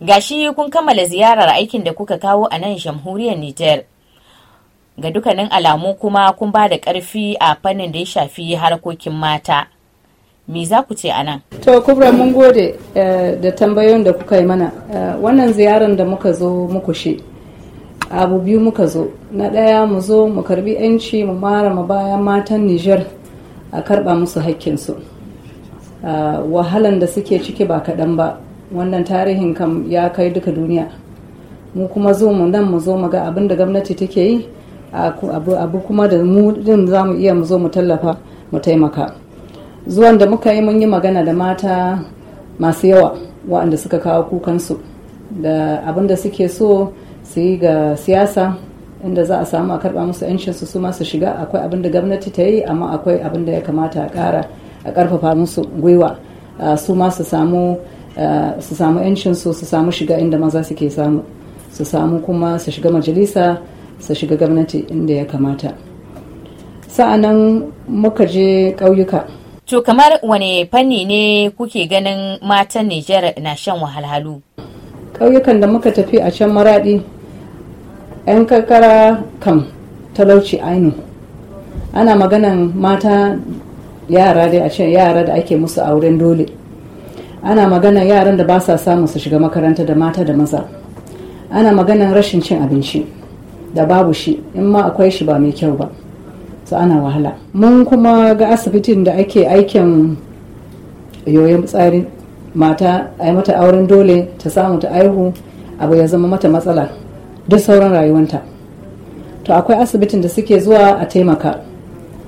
gashi kun kammala ziyarar aikin da kuka kawo a nan jamhuriyar niger ga dukkanin alamu kuma kun ba da karfi a fannin da ya shafi harkokin mata me za ku ce a nan to kubra mun gode eh, da tambayoyin da kuka yi mana eh, wannan ziyarar da muka zo muku shi abu biyu muka zo na ɗaya mu zo mu karbi 'yanci mu mara mu bayan matan nijar a karɓa musu haƙƙinsu eh, wahalan da suke ciki ba kaɗan ba wannan tarihin kam ya kai duka duniya mu kuma zo mu nan mu zo mu ga abin da gwamnati take yi abu kuma da mu din za mu iya mu zo mu tallafa mu taimaka zuwan da muka yi mun yi magana da mata masu yawa waɗanda suka kawo kukansu da abin da suke so su yi ga siyasa inda za a samu a karba musu 'yancinsu su masu shiga akwai abin da gwamnati ta yi amma akwai abin da ya kamata a ƙara a ƙarfafa musu gwiwa su masu samu Eh, su samu yancin su su samu shiga inda maza suke samu su samu kuma su shiga majalisa su shiga gwamnati inda ya kamata sa'anan muka je ƙauyuka to kamar wane fanni ne kuke ganin matan nijar na shan wahalhalu ƙauyukan da muka tafi a can maraɗi 'yan karkara kam talauci ainu ana maganan mata yara dai a can yara da ake musu auren dole ana magana yaran da ba sa samu su shiga makaranta da mata da maza ana maganan rashin cin abinci da babu shi in ma akwai shi ba mai kyau ba su ana wahala mun kuma ga asibitin da ake aikin yoyon tsari mata a yi mata auren dole ta samu ta aihu abu ya zama mata matsala duk sauran rayuwanta to akwai asibitin da suke zuwa a taimaka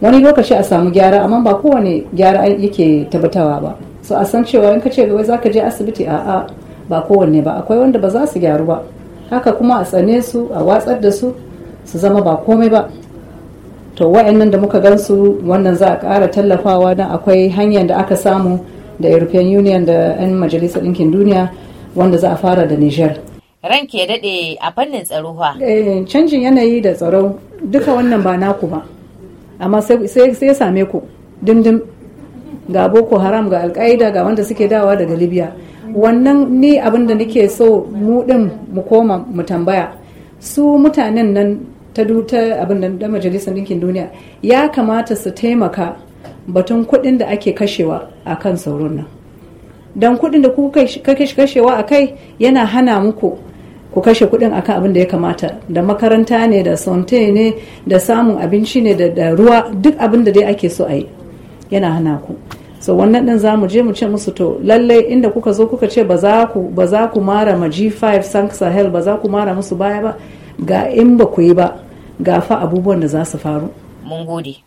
wani lokaci a samu gyara amma ba kowane gyara yake tabbatawa ba so a san cewa in ka ce wai ka je asibiti a a ba kowanne ba akwai wanda ba za su gyaru ba haka kuma a tsane su a watsar da su su zama ba komai ba to wa'annan da muka gan su wannan za a ƙara tallafawa don akwai hanyar da aka samu da european union da 'yan majalisar ɗinkin duniya wanda za a fara da niger ran ke daɗe a fannin tsaro eh, canjin yanayi da tsaro duka wannan ba naku ba amma sai ya same ku dindim ga boko haram ga alkaida ga wanda suke dawa daga libya wannan ni abin da nake so mu din mu koma mu tambaya su mutanen nan ta duta abin da majalisar ɗinkin duniya ya kamata su taimaka batun kuɗin da ake kashewa a kan sauron nan don kuɗin da kuka kashewa a kai yana hana muku ku kashe kuɗin akan abin da ya kamata da makaranta ne da sonte ne da samun abinci ne da ruwa duk abin da dai ake so a yi yana hana ku so wannan din zamu je mu ce musu to lallai inda kuka zo kuka ce ba ku ba za ku mara ma G5 Sank Sahel ba za ku mara musu baya ba ga in ba ku yi ba ga fa abubuwan da za su faru mun gode